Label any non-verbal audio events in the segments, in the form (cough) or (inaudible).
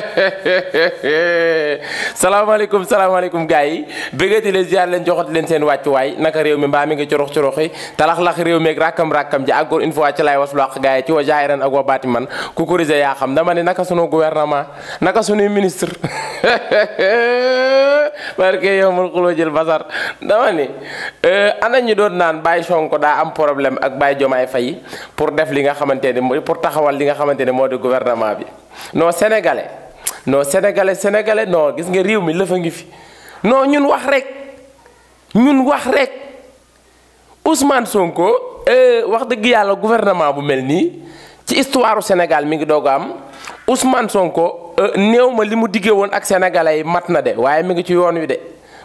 (laughs) salaamaaleykum salaamaaleykum gaa yi bëggati les ziar leen joxat leen seen wàccuwaay naka réew mi mbaa mi ngi corox coroxi talax-lax réew mi ak rakkam-rakkam ji encore une fois ci laay waslu ak gars yi ci wa jaahiran ak wa baati man ku kurise yaa xam dama ne naka sunu gouvernement naka sunu ministre (laughs) barke yow mul jël basar dama ne eh, ana ñu doon naan Baye Sonko daa am problème ak Baye Diomaye Faye pour def li nga xamante ne pour taxawal li nga xamante ne moo di gouvernement bi non sénégalais non sénégalais sénégalais non gis nga réew mi lëfa ngi fi non ñun wax rek ñun wax rek Ousmane Sonko euh, wax dëgg yàlla gouvernement bu mel nii ci histoire u Sénégal mi ngi doog a am Ousmane Sonko euh, néew ma li mu diggee woon ak sénégalais yi mat na de waaye mi ngi ci yoon wi de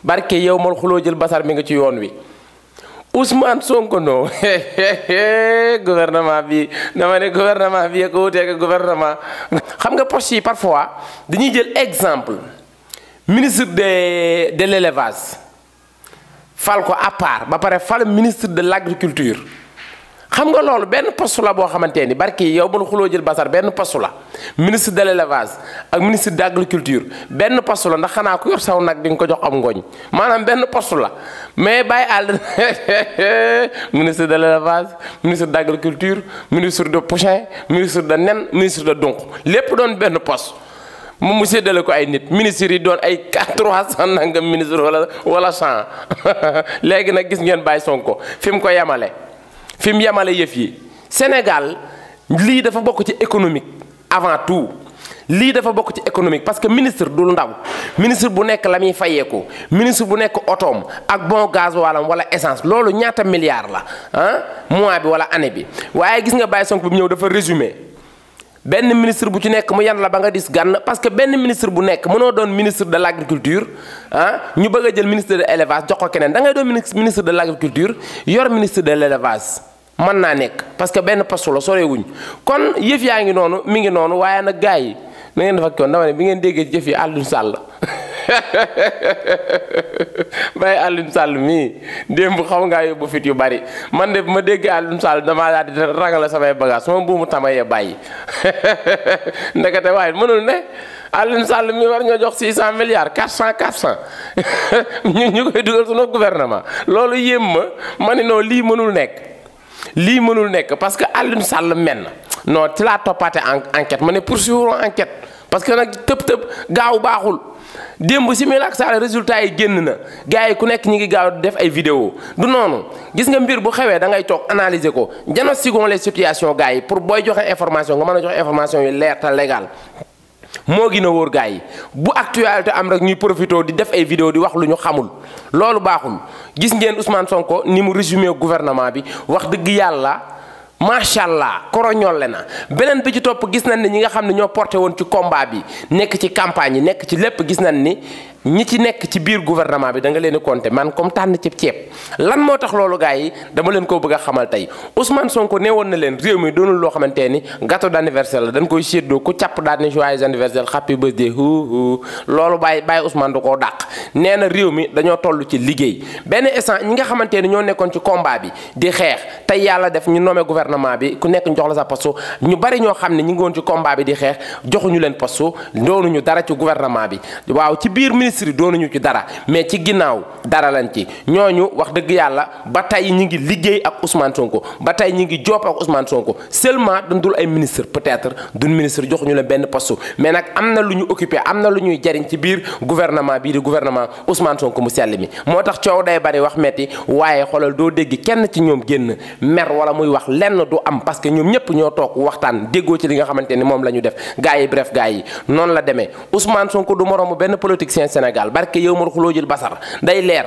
barke yow mal xuloo jël basar mi ngi ci yoon wi Ousmane Sonko non (laughs) gouvernement bi dama gouvernement bi ko gouvernement. xam nga parfois dañuy jël exemple ministre de de l'élevage fal ko à part ba paré fal ministre de l'agriculture. xam nga loolu benn poste la boo xamante ni barki yow bu ñu xuloo jël basar benn poste la ministre de l'élevage ak ministre de l'agriculture benn poste la ndax xanaa ku yor saw nag di nga ko jox am ngooñ maanaam benn poste la mais bàyyi àll (laughs) ministre de l'élevage ministre de l'agriculture ministre de Pochin ministre de nen ministre de donc lépp doon benn poste mu mu séddale ko ay nit ministres yi doon ay 300 nangam ministre wala wala 100 (laughs) léegi nag gis ngeen bàyyi Sonko fi mu ko yemale fim mu yemale yëf yi Sénégal li dafa bokk ci économique avant tout li dafa bokk ci économique parce que ministre du ndaw ministre bu nek lamiy fayeko ministre bu nek otoom ak bon gaz walam wala essence lolou ñaata milliards la ah mois bi wala année bi waye gis nga Baye sonk bu ñew dafa résumer benn ministre bu ci nekk mu yan la ba nga dis gànn parce que benn ministre bu nekk mënoo doon ministre de l' ah ñu bëgg a jël ministre de l' jox ko keneen da ngay doon ministre de l' agriculture yor ministre de l' mën naa nekk parce que benn poste la sorewuñ kon yëf yaa ngi noonu mi ngi noonu waaye nag gars yi na ngeen dafa koon ne bi ngeen déggee jëf yi Alioune Sall (laughs) bay (laughs) Alioune Sall mii démb xaw ngaa yóbbu fit yu bari man de bu ma déggee Alioune Sall damaa daal di rangale samay bagage sama buumu tamayee bàyyi (laughs) ndekete waaye mënul ne Alioune Sall mi war ñoo jox 600 milliards 400 400 ñu ñu koy dugal sunu gouvernement loolu yéem ma ma ne noo lii mënul nekk lii mënul nekk parce que Alioune Sall men non ci laa toppaate enquête ma ne poursuivre enquête parce que nag tëb tëb gaaw baaxul. démb simila ak le résultat yi génn na gars ku ñi def ay vidéo du noonu gis nga mbir bu da ngay les situations pour booy information nga information yi leer légal moo gën a wóor bu actualité am rek ñuy profité di def ay di wax lu ñu xamul gis ngeen Ousmane Sonko ni mu résumé gouvernement bi macha allah koroñolle na beneen bi ci topp gis nañ ni ñi nga xam ne ñoo porté woon ci combat bi nekk ci campagne yi nekk ci lépp gis nañ ni ñi ci nekk ci biir gouvernement bi da nga leen di compter man comme tànn ci ceeb lan moo tax loolu gars yi dama leen koo bëgg a xamal tey Ousmane Sonko nee woon na leen réew mi doonu loo xamante ni gâteau d'anniversaire la dañ koy séddoo ku càpp daal ni joyeux anniversaire happy birthday hu loolu bàyyi bàyyi Ousmane du koo dàq nee na réew mi dañoo toll ci liggéey benn instant ñi nga xamante ni ñoo nekkoon ci komba bi di xeex te yàlla def ñu nommé gouvernement bi ku nekk jox la sa poste ñu bari ñoo xam ne ñi ngi woon ci combat bi di xeex joxuñu leen poste doonuñu dara ci gouvernement bi ministre yi doonuñu ci dara mais ci ginnaaw dara lañ ci ñooñu wax dëgg yàlla ba tey ñi ngi liggéey ak Ousmane Sonko ba tey ñi ngi jopp ak Ousmane Sonko seulement dañ ay ministre peut-être duñ ministre joxuñu la benn poste mais nag am na lu ñu occupé am na lu ñuy jariñ ci biir gouvernement bii di gouvernement Ousmane Sonko mu sell mi moo tax coow day bari wax metti waaye xoolal doo dégg kenn ci ñoom génn mer wala muy wax lenn du am parce que ñoom ñëpp ñoo toog waxtaan déggoo ci li nga xamante ni moom la ñu def gars yi bref yi noonu la demee Sénégal barke yow ma xuloo jël basar day leer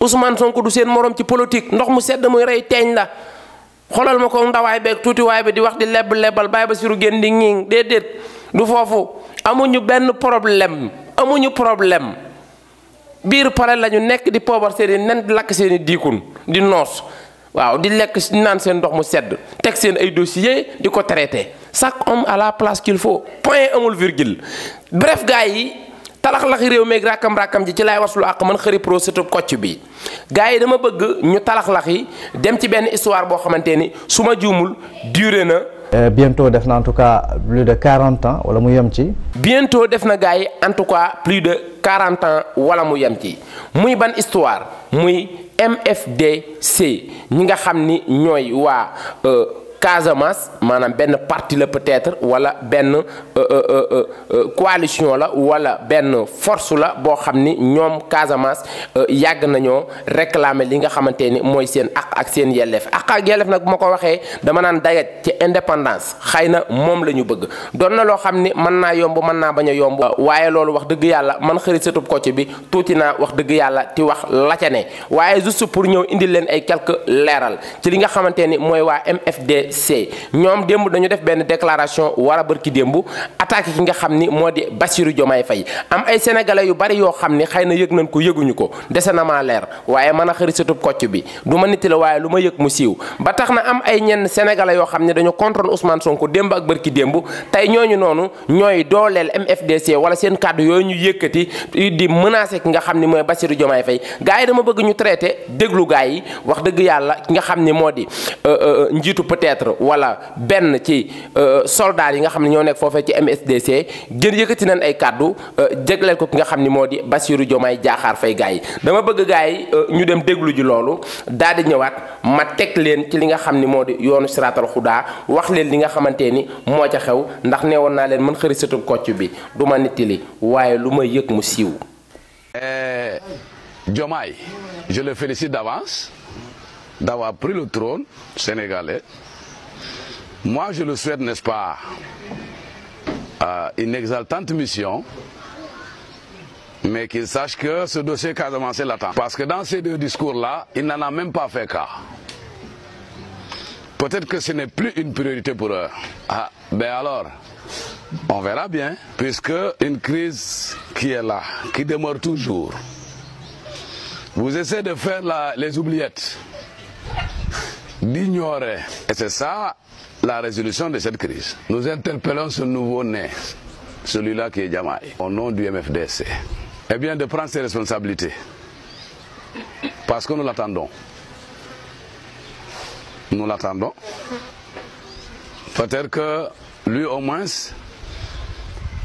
Ousmane Sonko du seen moroom ci politique ndox mu sedd muy rey teeñ la xoolal ma ko ndawaay beeg tuutiwaay bi di wax di leb lebbal bàyyi ba siru génn di ñii déedéet du foofu amuñu benn problème amuñu problème biir pare la nekk di poobar seen i nen di lakk seen i diikun di noos waaw di lekk naan seen ndox mu sedd teg seen ay dossier di ko traité chaque homme à la place qu'il faut point amul virgule bref gars yi talax lax rew meeg rakam rakam ji ci lay waslu ak man xeri pro setup kocc bi gaay dama bëgg ñu talax yi dem ci ben histoire bo xamanteni suma jumul duré na euh, bientôt def na en tout cas plus de 40 ans wala mu yam ci bientôt def na gars en tout cas plus de 40 ans wala mu yam ci muy ban histoire muy MFDC ñi nga xamni ñoy wa. euh, Casamance maanaam benn parti la peut-être wala benn euh, euh, euh, coalition la wala benn force la boo xam ni ñoom Casamance yàgg nañoo réclamer li nga xamante ni mooy seen ak ak seen yelleef ak ak yelleef nag bu ma ko waxee dama naan dayet ci indépendance xëy na moom la ñu bëgg doon na loo xam ni mën naa yomb mën naa bañ yomb waaye loolu wax dëgg yàlla man xëri satub Kocc bi tuuti naa wax dëgg yàlla ti wax la ca waaye juste pour ñëw indi leen ay quelques leeral FDC ñoom démb dañu def benn déclaration war a bërki démb attaqué ki nga xam ni moo di Bassirou Diomaye Faye am ay sénégalais yu bari yoo xam ni xëy na yëg nañ ko yëguñu ko dese na maa leer waaye man a xërisatub kocc bi du ma nit la waaye lu ma yëg mu siiw ba tax na am ay ñenn sénégalais yoo xam ne dañu contrôle Ousmane Sonko démb ak bërki démb tey ñooñu noonu ñooy dooleel MFDC wala seen kàddu yooyu ñu yëkkati di menacé ki nga xam ni mooy Bassirou Diomaye Faye gars yi dama bëgg ñu traité déglu gars yi dëgg yàlla nga xam ni moo di euh, euh, njiitu peut peut wala ben ci euh, soldat yi nga xamni ne ñoo nekk foofee ci MSDC gën yëkëti nañ ay cadeau euh, jégleel ko ki nga xamni modi Bassirou Diomay Diakhar Fay Gaay dama bëgg gaay euh, ñu dem déglu ji loolu daal di ñëwaat ma tek leen ci li nga xamni modi moo di yoonu siraatal xudaa wax leen li nga xamanteni mo ca xew ndax néwon na leen mën xëri sëtu kocc bi duma ma nittali waaye lu ma mu siiw eh, Diomaye je le félicite d'avance d'avoir pris le trône sénégalais Moi, je le souhaite, n'est-ce pas, euh, une exaltante mission, mais qu'il sache que ce dossier Casamance l'attend. Parce que dans ces deux discours-là, il n'en a même pas fait cas. Peut-être que ce n'est plus une priorité pour eux. Ah, ben alors, on verra bien, puisque une crise qui est là, qui demeure toujours. Vous essayez de faire les oubliettes, d'ignorer. Et c'est ça la résolution de cette crise. Nous interpellons ce nouveau-né, celui-là qui est Jamaï, au nom du MFDC, eh bien de prendre ses responsabilités, parce que nous l'attendons. Nous l'attendons. Peut-être que lui au moins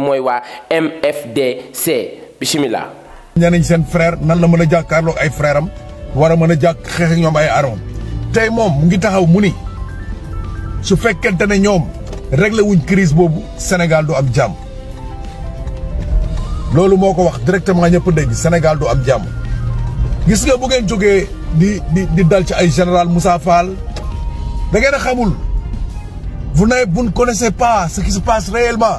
moy wa MFDC bismillah ñeneen sen frère nan la mëna jakarlo ay fréram wara mëna jak xex ñom ay aromam tay mom mu ngi taxaw mu ni su fekkante ne ñom régler wuñ crise bobu Sénégal du am jam. lolu moko wax directement ñepp dégg Sénégal du am jam. gis nga bu ngeen joggé di di di dal ci ay général Moussa Fall da ngeen xamul vous ne vous ne connaissez pas ce qui se passe réellement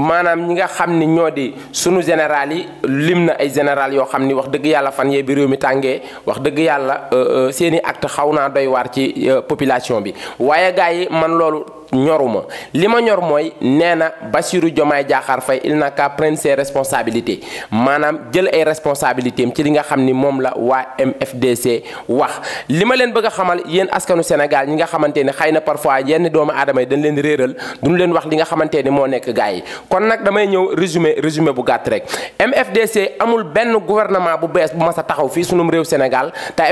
maanaam ñi nga xam ni ñoo di suñu général yi lim na ay général yoo xam ni wax dëgg yàlla fan yee bi réew mi tàngee wax dëgg yàlla euh, euh, seeni acte xaw naa doy waar ci euh, population bi waaye gars yi man loolu ñoruma li ma ñor mooy nee na Bassirou Diomaye Diakhar Faye il n'a qu'à prendre ses responsabilités maanaam jël ay responsabilités am ci li nga xam ni moom la waa MFDC wax li ma leen bëgg a xamal yéen askanu Sénégal ñi nga xamante ni xëy na parfois yenn doomu aadama yi dañ leen réeral duñu leen wax li nga xamante ni moo nekk gars yi kon nag damay ñëw résumé résumé bu gàtt rek MFDC amul benn gouvernement bu bees bu mas a taxaw fii sunum réew Sénégal te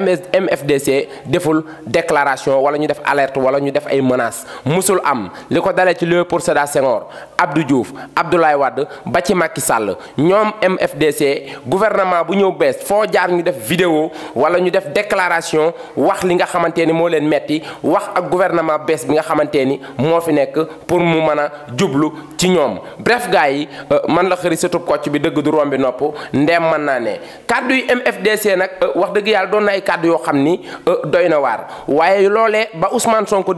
MFDC deful déclaration wala ñu def alerte wala ñu def ay menaces am li ko dalee ci Léopold Sédar Senghor Abdou Diouf Abdoulaye Wade ba ci Macky Sall ñoom MFDC gouvernement bu ñëw bees foo jaar ñu def vidéo wala ñu def déclaration wax li nga xamante ni moo leen metti wax ak gouvernement bees bi nga xamante ni moo fi nekk pour mu mën a jublu ci ñoom bref gars yi euh, man la xëri satub kocc bi dëgg du rombi nopp ndem mën naa ne kàddu yi MFDC nag euh, wax dëgg yàlla doon na ay kàddu yoo xam ni euh, doy na waar waaye loolee ba Ousmane Sonko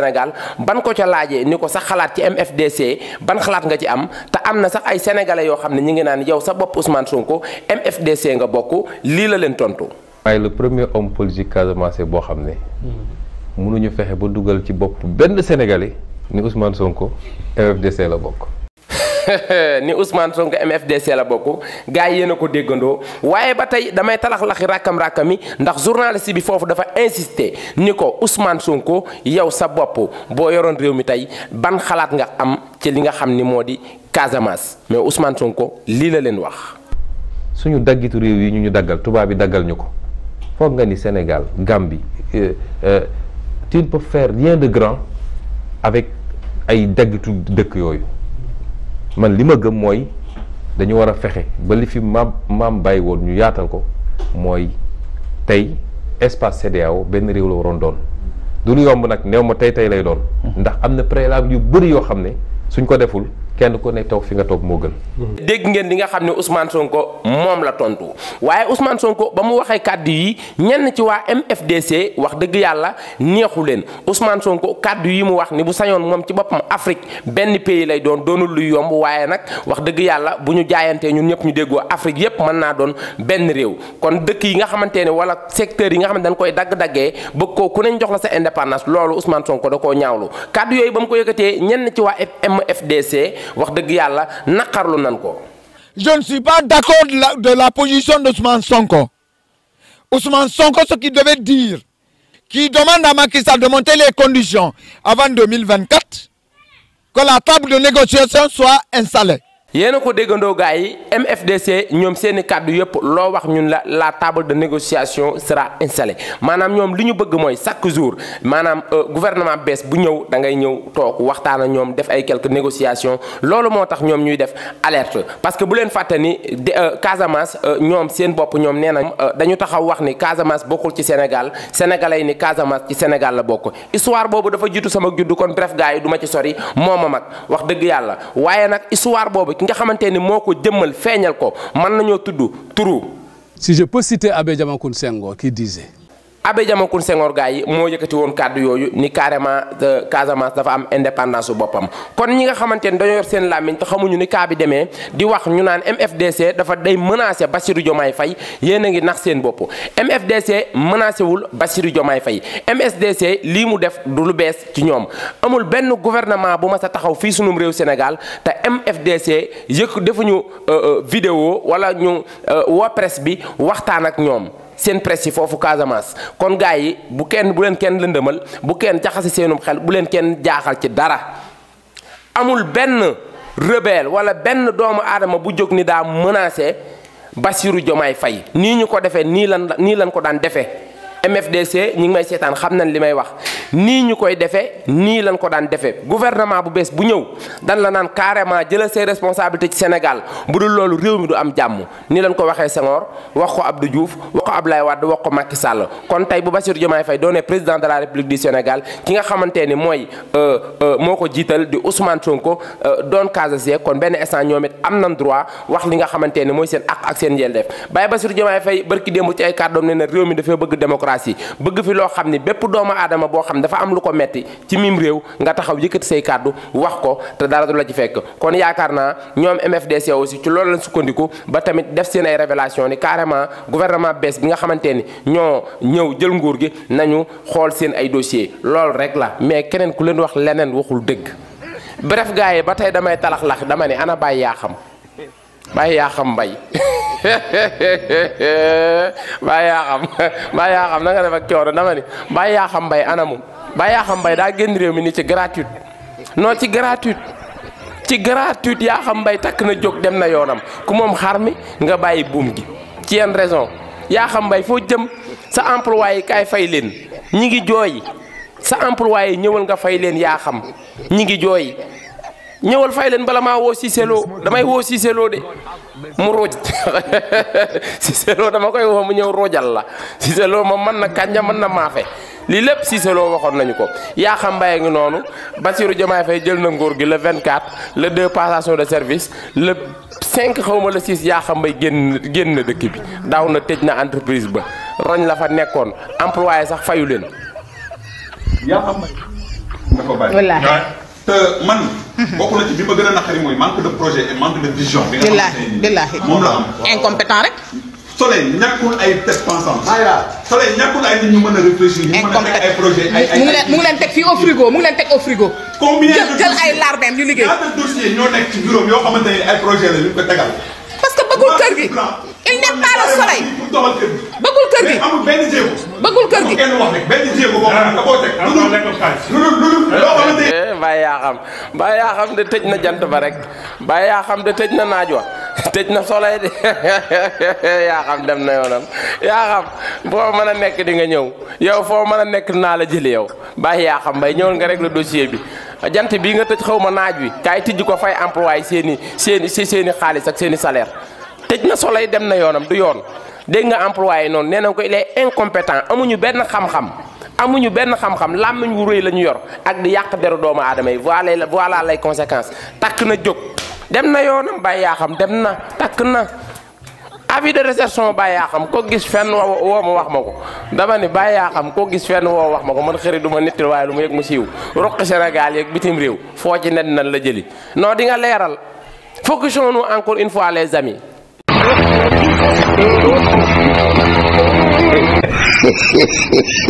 Sénégal ban ko ca laajee ni ko sax xalaat ci MFDC ban xalaat nga ci am te am na sax ay sénégalais yoo xam ne ñu ngi naan yow sa bopp Ousmane Sonko MFDC nga bokk lii la leen tontu. waaye le premier homme politique casamance boo xam ne. Hmm. mënuñu fexe ba dugal ci bopp benn sénégalais ni Ousmane Sonko MFDC la bokk. (laughs) ni Ousmane Sonko MFDC la bokk gars yi yéen a ko déggandoo waaye ba tey damay talax-laxi rakkam-rakkam yi ndax journaliste bi foofu dafa insister ni ko Ousmane Sonko yow sa bopp boo yoroon réew mi tey ban xalaat nga am ci li nga xam ni moo di Casamance mais Ousmane Sonko lii la leen wax. suñu daggitu réew yi ñu ñu daggal tubaab yi daggal ñu ko foog nga ni Sénégal Gambie euh, euh, tu ne peux faire de grand avec ay daggitu dëkk yooyu. man li ma gëm mooy dañu war a fexe ba li fi maam maam bàyyi woon ñu yaatal ko mooy tey espace CEDEAO benn réew la waroon doon du lu yomb nag néew ma tey tey lay doon. Hmm. ndax am na préalable yu bëri yoo xam ne suñ ko deful. kenn ku ne tok fi nga tok mo gën. deg ngeen li nga xam Ousmane Sonko mom la tontu waye Ousmane Sonko ba mu waxee kàddu yi ñen ci wa MFDC wax deug yalla neexu len Ousmane Sonko kaddu yi mu wax ni bu sañon mom ci bopam Afrique benn pays lay doon doonul lu yomb waye nak wax deug yalla bu ñu jaayantee ñun ñep ñu deggo Afrique yep man na doon benn rew kon dekk yi nga xamantene wala secteur yi nga xamantene koy dag dagge bëgg ko ku neñ jox la sa indépendance loolu Ousmane Sonko da ko ñaawlu kaddu yoy bam ko yëkëté ñen ci wa MFDC je ne suis pas d'accord de la position d'Ousmane Sonko Ousmane Sonko ce qu'il devait dire qui demande à Macky de monter les conditions avant 2024 que la table de négociation soit installée y a ko déggandoo MFDC la table de négociation sera installée maanaam ñoom chaque jour euh, gouvernement bees bu ñëw da ngay ñëw quelques négociations alerte parce que bu leen fàtte ni euh, Casamance euh, ñoom seen bopp ñoom nee dañu taxaw wax ni Casamance bokkul ci Sénégal sénégalais ni Casamance ci Sénégal la bokk histoire dafa sama kon bref yi si je peux citer Abbé Kounsengo qui disait Abbé Diamankoune Senghor gars yi moo yëkkati woon kàddu yooyu ni carrément euh, Casamance dafa am indépendance su boppam kon ñi nga xamante ni dañoo seen làmmiñ te xamuñu ni kaa bi demee di wax ñu naan MFDC dafa day menacé Bassirou Diomaye Faye yéen a ngi nax seen bopp MFDC menacé wul Bassirou Diomaye Faye MSDC lii mu def du lu bees ci ñoom amul benn gouvernement bu ma sa taxaw fii sunum réew Sénégal te MFDC yëkk defuñu euh, euh, vidéo wala ñu woo presse bi waxtaan ak ñoom. seen presse yi foofu Casamance kon gars yi bu kenn bu leen kenn lëndëmal bu kenn jaxase seenum xel bu leen kenn jaaxal ci dara amul benn rebelle wala benn doomu aadama bu jóg ni daa mënaase Bassirou Diomaye fay nii ñu ko defee nii lan nii lan ko daan defee MFDC ñi ngi may seetaan xam na li may wax nii ñu koy defee nii lañ ko daan defee gouvernement bu bees bu ñëw dan la naan carrément jëlal say responsabilité ci Sénégal bu dul loolu réew mi du am jàmm nii lañ ko waxee Senghor wax ko du Diouf wax ko Abdoulaye Wade wax ko Macky sàll kon tey bu Bassirou Diomaye Faye doonee président de la République du Sénégal ki nga xamante ni mooy euh, euh, moo ko jiital di Ousmane Sonko euh, doon casasier kon benn instant ñoom it am nañ droit wax li nga xamante ni mooy seen ak seen njël def Baye mi dafay bëgg démocratie bëgg fi loo xam ni bépp doomu aadama boo xam dafa am lu ko metti ci mim réew nga taxaw yëkkati say kàddu wax ko te dara du la ci fekk kon yaakaar naa ñoom MFDC aussi ci loolu lañ sukkandiku ba tamit def seen ay révélation ni carrément gouvernement bees bi nga xamante ni ñoo ñëw jël nguur gi nañu xool seen ay dossier loolu rek la mais keneen ku leen wax leneen waxul dëgg bref gars yi ba tey damay talax lax dama ana bàyyi yaa xam bàyyi yaa xam mbay (laughs) bàyyi yaa xam bàyyi yaa xam na nga def ak dama ni bàyyi yaa xam mbay anamu bàyyi yaa xam mbay daa génn réew mi ni ci gratuite non ci gratuite ci gratuite yaa xam mbay takk na jóg dem na yoonam ku moom xar mi nga bàyyi buum gi ci yenn raison yaa xam mbay foo jëm sa employé yi kaay fay leen ñi ngi jooy sa employé yi ñëwal nga fay leen yaa xam ñi ngi jooy ñëwal fay leen bala maa woo Cissé Lo damay woo Cissé Lo de mu rooj (laughs) Cissé dama koy woo mu ñëw roojal la Cissé ma moom mën na kànja mën na maafe lii lépp Cissé waxoon nañu ko yaa xam mbaye ngi noonu Bassirou Diomaye Faye jël na nguur gi le 24 le 2 passation de service le 5 xawma le 6 yaa xam mbay génn génn dëkk bi daaw na tëj na entreprise ba roñ la fa nekkoon employé sax fayu leen yaa te man. bokk na ci bi ma gën a naqari mooy manque de projet et manque de vision. bi nga xamante ne moom la am incompétent rek. soleil ñàkkul ay tête pensante. aywa soleil ñàkkul ay nit ñu mën a réfléchir. ñu mën a teg ay projet ay ay mu ngi leen mu ngi leen teg fii au frigo mu ngi leen teg au frigo. combien jël jël ay larbeem yu liggéey. ñaata dossier ñoo nekk ci bureau yoo xamante ne ay projet la ñu ko tegal. parce que bëggul kër gi. il n'est pas le soleil. bëggul kër gi amul benn jéego. bëggul kër gi amul kenn wax rek benn jéego boo xam ne da koo teg. lu dul lu dul yaa xam mbaa yaa xam de tëj na jant ba rek mbaa yaa xam de tëj na naaj wa (laughs) tëj na soleil de (laughs) yaa xam dem na yoonam yaa xam foo mën a nekk di nga ñëw yow foo mën a nekk naa la jëli yow mbaa yaa xam mbay ñëwal nga rek le dossier bi jant bii nga tëj xaw ma naaj wi kaay tijji ko fay employé seeni i seen i seen xaalis ak seeni i salaire tëj na soleil dem na yoonam du yoon dégg nga employé noonu nee na ko il incompétent amuñu benn xam-xam amuñu benn xam-xam làmmiñ wu rëy la ñu yor ak di yàq deru doomu aadama yi voilà la voilà lay conséquence takk na jóg dem na yoonam bàyyi yaa xam dem na takk na avis de réception bàyyi yaa xam koo gis fenn woo ma wax ma ko dama ne bàyyi yaa xam koo gis fenn woo wax ma ko man xëri du ma nittil waaye lu mu yëg mu siiw ruq Sénégal yeeg bitim réew foo ci nen nan la jëli non di nga leeral focusons-nous encore une fois les amis (laughs)